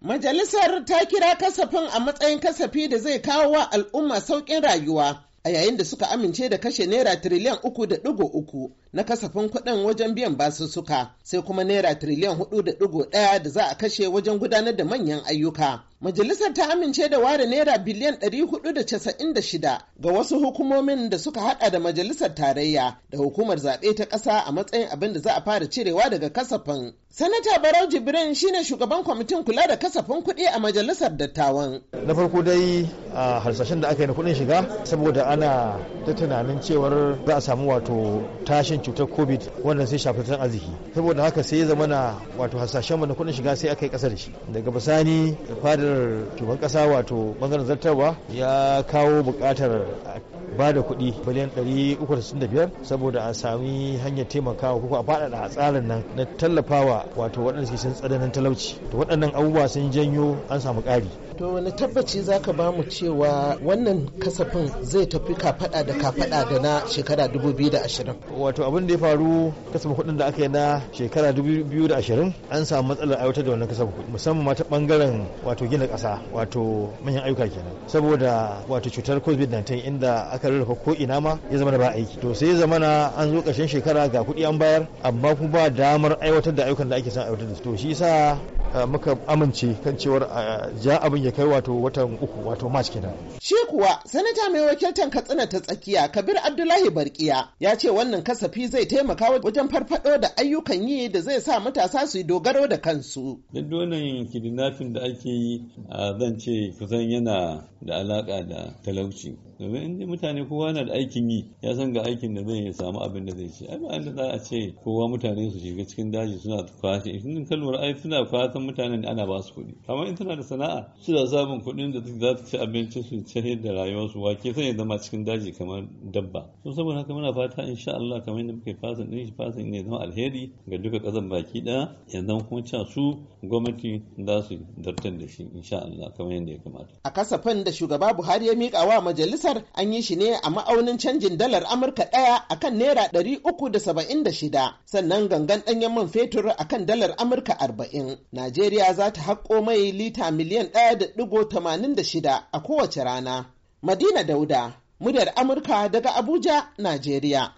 Majalisar ta kira kasafin a matsayin kasafi da zai kawo wa al'umma sauƙin rayuwa a yayin da suka amince da kashe naira triliyan uku da ɗigo uku na kasafin kuɗin wajen biyan basussuka sai kuma naira triliyan hudu da ɗigo ɗaya da za a kashe wajen gudanar da manyan ayyuka. Majalisar ta amince da ware naira biliyan 496 ga wasu hukumomin da suka hada da majalisar tarayya da hukumar zaɓe ta ƙasa a matsayin abin da za a fara cirewa daga kasafin. Sanata Barau Jibrin shine shugaban kwamitin kula da kasafin kuɗi a majalisar dattawan. Na farko dai a harsashen da aka yi na kuɗin shiga saboda ana ta tunanin cewar za a samu wato tashin cutar covid wannan sai shafi tattalin arziki saboda haka sai ya zama na wato harsashen na kuɗin shiga sai aka yi ƙasa da shi daga bisani fadar fadar shugaban kasa wato bangaren zartarwa ya kawo bukatar ba da kuɗi da 365 saboda a sami hanyar taimakawa kuka a faɗaɗa a tsarin nan na tallafawa wato waɗanda sun tsananin talauci to waɗannan abubuwa sun janyo an samu ƙari to wani tabbaci za ka bamu cewa wannan kasafin zai tafi kafaɗa da kafaɗa da na shekara 2020 wato abin da ya faru kasafin kuɗin da aka yi na shekara 2020 an samu matsalar aiwatar da wannan kasafin kuɗi musamman ma ta ɓangaren wato gina ƙasa wato manyan ayyuka kenan saboda wato cutar covid-19 inda aka aka rarrafa ko ina ma ya zama ba aiki to sai zama na an zo ƙarshen shekara ga kuɗi an bayar amma kuma ba damar aiwatar da ayyukan da ake son aiwatar da su to shi yasa muka amince kan cewar ja abin ya kai wato watan uku wato march kenan shi kuwa sanata mai wakiltar katsina ta tsakiya kabir abdullahi barkiya ya ce wannan kasafi zai taimaka wajen farfado da ayyukan yi da zai sa matasa su yi dogaro da kansu duk wannan kidnapping da ake yi zan ce kusan yana da alaka da talauci domin inda mutane kowa na da aikin yi ya san ga aikin da zai samu abin da zai ci ai ba za a ce kowa mutane su shiga cikin daji suna kwashe in kalmar ai suna kwashe san mutanen ana ba su kuɗi kamar in tana da sana'a da samun kuɗin da za ta ci abinci su ci da rayuwarsu wa ke sanya zama cikin daji kamar dabba so saboda haka muna fata insha Allah kamar yadda muke fasa ɗin shi fasa ne zama alheri ga duka ƙasar baki ɗaya yanzu kuma cewa su gwamnati za su zartar da shi insha Allah kamar yadda ya kamata a kasafin da shugaba Buhari ya miƙa wa majalisar an yi shi ne a ma'aunin canjin dalar Amurka ɗaya akan naira ɗari uku da saba'in da shida sannan gangan ɗanyen man fetur akan dalar Amurka arba'in na Najeriya za ta haƙo mai lita miliyan ɗaya da ɗigo tamanin da shida a kowace rana. Madina Dauda, muryar Amurka daga Abuja, Najeriya.